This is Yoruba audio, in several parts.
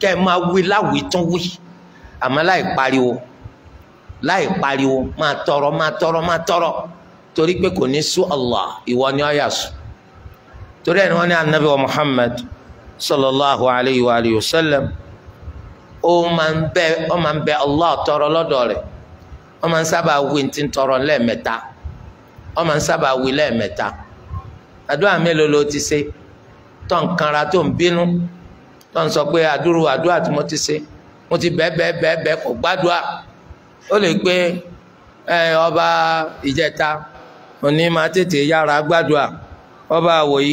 kẹ́ ẹ máa wí láwìí tún wí àmọ́ láì pariwo láì pariwo máa tọrọ máa tọrọ máa tọrọ torí pé kò ní sú Allah ìwọ ni ọ yà sùn torí ẹni wọn ní anabi wa Muhammad sallallahu alayhi wa alihi wa sallam ó máa ń bẹ ó máa ń bẹ Allah tọrọ lọ́dọ̀ rẹ̀ ó máa ń sábà wí ti ń tọrọ lẹ́ẹ̀mẹ́ta ó máa ń sábà wí lẹ́ẹ̀mẹ́ta àdúrà mélòó ló ti ṣe tó ń tó ń bínú. tó ń sọ pé àdúró àdúrà tí mo ti ṣe mo ti bẹ́ẹ̀ bẹ́ẹ̀ bẹ́ẹ̀ bẹ́ẹ̀ kò ó lè gbé ọba ìjẹta òní máa tètè yára gbádùá ọba àwòyí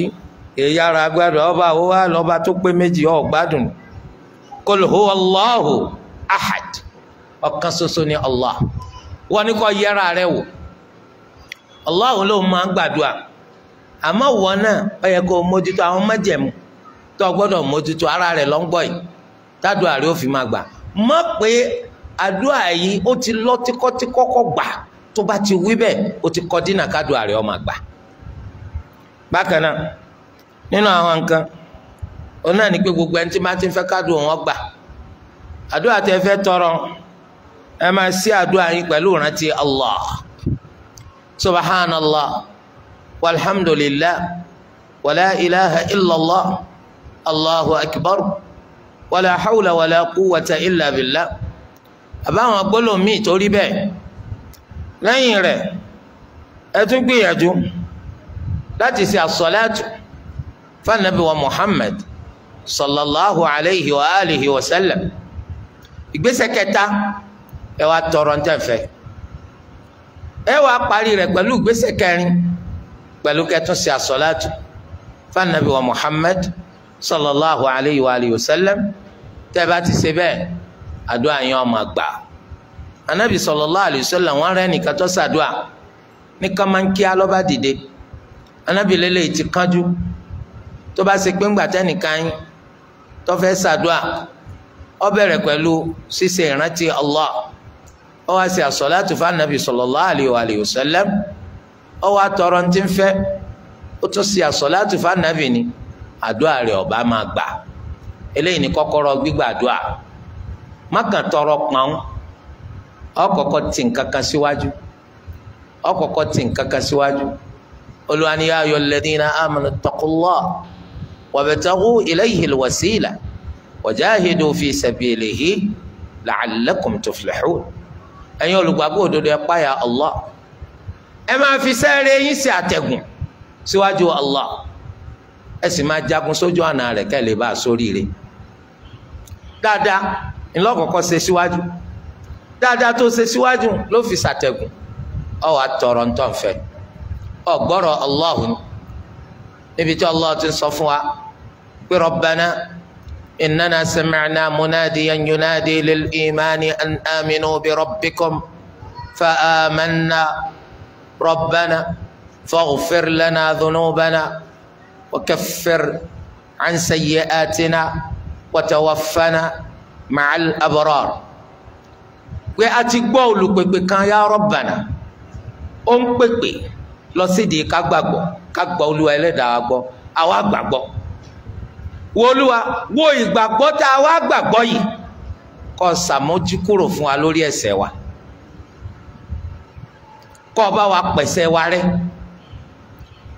yára gbádùá ọba àwòwá lọba tó pé méjì ọ̀ gbádùn ahad ọ̀kan ni yẹra wò ló máa àmọ́ wọn náà yẹ tó gbọ́dọ̀ mójútó ara rẹ ló ń gbọ́ yìí tádùá rẹ̀ ó fi máa gbà mọ̀ pé àdúrà yìí ó ti lọ tíkọ́tíkọ́ kọ́ gbà tó bá ti wí bẹ́ẹ̀ ó ti kọ́ dínà kádùá rẹ̀ ó máa gbà. bákan náà nínú àwọn nǹkan òun náà ní pé gbogbo ẹni tí máa ti fẹ́ kádùá wọn gbà àdúrà fẹ́ tọrọ ẹ máa àdúrà pẹ̀lú ìrántí wala ilaha illallah. allahu akbar wàlà hawla wàlà quwwata illa billah àbáwọn gbólóhùn míì torí bẹ́ẹ̀ lẹ́yìn rẹ̀ ẹ tún gbìyànjú láti ṣe àsọ̀láàtù fanabi wa muhammad sallallahu alayhi wa alihi wa sallam ìgbésẹ̀ kẹta ẹ wá tọrọ ń tẹ̀fẹ̀ ẹ wá parí rẹ̀ pẹ̀lú ìgbésẹ̀ kẹrin pẹ̀lú kẹtún ṣe àsọ̀láàtù fanabi wa muhammad sallallahu alayhi wa alihi wa sallam tẹ́ ẹ bá ti ṣe bẹ́ẹ̀ àdúrà yẹn ó máa gbà anabi sallallahu alayhi wa sallam wọn rẹ nìkan tó ṣàdúrà ní kàmánkíá ló bá dìde anabi lélẹ̀ ti kánjú tó bá ṣe pé ńgbà tẹ́nìkan yín tó fẹ́ ṣàdúrà ó bẹ̀rẹ̀ pẹ̀lú ṣíṣe ìrántí Allah ó wá ṣe àsọ̀látù fún anabi sallallahu alayhi wa alihi wa sallam ó wá tọrọ ní ti ń fẹ́ ó tún ṣe àsọ̀látù fún anabi ni àdúrà rẹ̀ ọba máa gbà eléyìí ni kọ́kọ́rọ́ gbígbàdúrà mákàn tọrọ pọn ọkọ̀kọ́ tì nǹkankan síwájú ọkọ̀kọ́ tì nǹkankan síwájú Olúwa ní yā ayyuhalladhīna āmanū ittaqullāha wabtaghū ilayhi al-wasīla wajāhidū fī sabīlihi la'allakum tuflihūn ẹ̀yin olùgbàgbọ́ òdodo ẹ páyà Allah ẹ máa fi sẹ́ẹ̀rẹ̀ yín sí àtẹ̀gùn síwájú Allah ẹ sì máa jagun sójú ọ̀nà rẹ̀ kẹ́ lè bá a sórí rẹ̀ dáadáa ńlọ́kọ̀ọ́kọ́ ṣe síwájú dáadáa tó ṣe síwájú ló fi ṣàtẹ̀gùn ọ wàá tọrọ ntọ́nfẹ́ ọgbọ́rọ̀ Allah níbi tí Allah ti sọ fún wa pé Rabbana innana sami'na munadiyan yunadi lil imani an aminu bi rabbikum fa amanna وكفر عن سيئاتنا وتوفنا مع الأبرار pé a بكان يا ربنا. kan yá rọ́bànà ó ń pèpè lọ sídìí ká gbàgbọ́ ká gbọ́ olúwa ẹlẹ́dàá wa gbọ́ àwa gbàgbọ́ wo olúwa wo ìgbàgbọ́ tá a wá gbàgbọ́ yìí kó ṣàmójúkúrò fún wa lórí ẹ̀ṣẹ̀ wa kó bá wa pẹ̀ṣẹ̀ wa rẹ́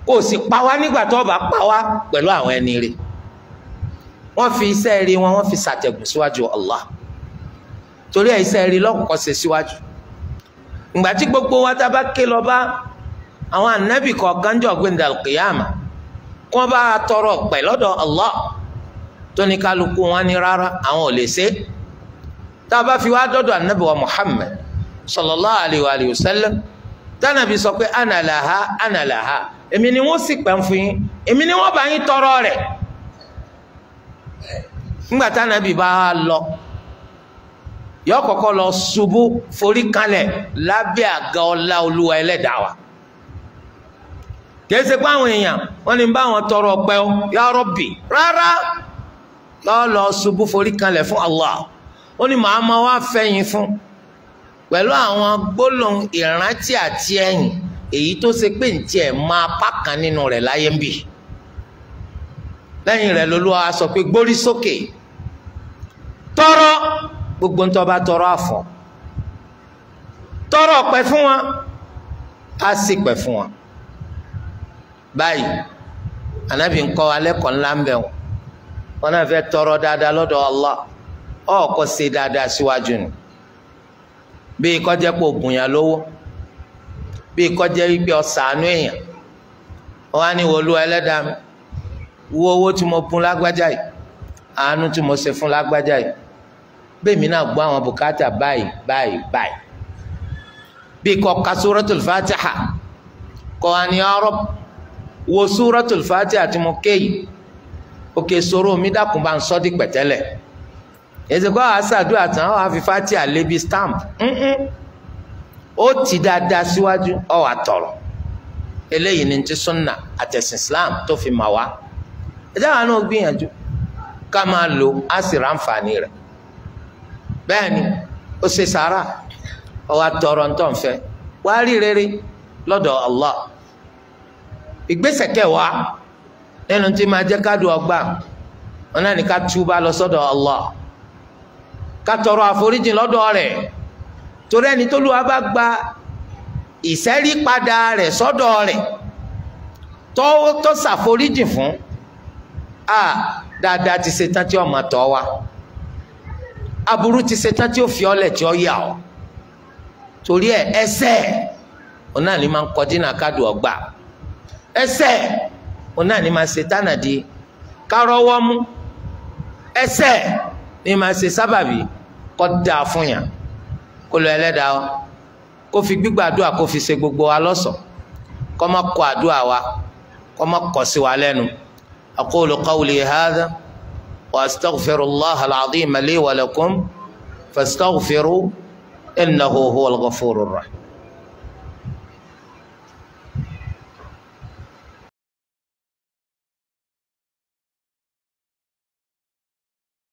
kò sì pa wá nígbà tó bá pa wá pẹ̀lú àwọn ẹni rẹ̀ wọ́n fi iṣẹ́ rí wọn wọ́n fi ṣàtẹ̀gùn síwájú Allah torí ẹ̀ iṣẹ́ rí lọ́kọ̀ọ́ ṣe síwájú ìgbà tí gbogbo wa tá a bá ké lọ bá àwọn ànábì kọ̀ọ̀kan jọ gbẹ̀ndà kìyàmà kí wọ́n bá tọrọ pẹ̀ lọ́dọ̀ Allah tó wọn ní rárá àwọn ò lè ṣe tá a bá fi wá dọ́dọ̀ ànábì wa Muhammad sallallahu alayhi wa sallam. bi sọ pé ànàlàhà ànàlàhà èmi ni wọ́n sì pẹ́ ń fún yín èmi ni wọ́n bá yín tọrọ rẹ̀ nígbà tánàbí bá a lọ yọ kọ́kọ́ lọ ṣubú forí kalẹ̀ lábẹ́ àga ọlá olúwa ẹlẹ́dàá wa kìí ṣe pé àwọn èèyàn wọ́n ní bá wọn tọrọ ọpẹ́ o ya Rabbi rárá lọ lọ ṣubú forí kalẹ̀ fún Allah ó ní màá ma wá fẹ̀yìn fún pẹ̀lú àwọn gbólóhùn ìrántí àti ẹ̀yìn èyí tó ṣe pé ntí ẹ̀ máa apá kan nínú rẹ̀ láyé ń bì lẹ́yìn rẹ̀ lolúwa sọ pé gbórí sókè tọrọ gbogbo ń tọba tọrọ àfọ tọrọ pẹ fún wa á sì pẹ fún wa báyìí anabi ń kọ́ alẹ́ kọ́ ńlá ń bẹ̀ wọ́n wọn náà fẹ́ tọrọ dáadáa lọ́dọ̀ Allah ọ̀ọ́kọ́ ṣe dáadáa síwájú ni. Si bíi kọjá pé ògùn yà lówó bíi kọjá pé ọ̀sánú èèyàn wọn á ní wọlú ẹlẹ́dàá mi wo owó tí mo bùn lágbájá yìí àánú tí mo ṣe fún lágbájá yìí bẹ́ẹ̀ mi náà gbọ́ àwọn bùkátà báyìí báyìí báyìí bíi kọ́ ka suratul fatiha kọ́ á ní ọ̀rọ̀ wo suratul fatiha tí mo ké òkè sọ̀rọ̀ mi dákun bá ń sọ́ di pẹ̀tẹ́lẹ̀. ezekwa àwọn aṣàdúrà tán àwọn afifáàtì àlébi stamp o ti dada siwaju ọ wà tọrọ eléyìí ni ti sunna àtẹ̀sìn islam tó fi mà wá ẹ̀dá wa náà gbìyànjú ká máa lò á sì ra àǹfààní rẹ̀ bẹ́ẹ̀ ni ó ṣe sàárà ọ wa tọrọ ntọ nfẹ wa wàá rí rere lọ́dọ̀ Allah ìgbésẹ̀ kẹwàá nínú tí máa jẹ́ ká dùn ọgbà wọn náà ká túbà lọ Allah. katọrọ tọrọ àforíjìn lọ́dọ̀ torí ẹni tó lùwà bá gba ìṣẹ́rí padà rẹ̀ sọ́dọ̀ rẹ̀ tó tó fún a dáadáa ti ṣetán tí ọmọ tọ wa aburú ti ṣetán tí ó fi ọlẹ̀ tí ó yà torí ẹ ẹsẹ̀ òun náà ni máa ń kó dáa fún yàn kó lọ ẹlẹ́dàá o kó fi gbígbàdúrà kó fi ṣe gbogbo wa lọ́ṣọ̀ọ́ kó má kọ àdúrà wa kó má kọ̀ sí wa lẹ́nu aqulu qawli hadha wa astaghfirullaha al-azima li wa lakum fastaghfiru innahu huwal ghafurur rahim.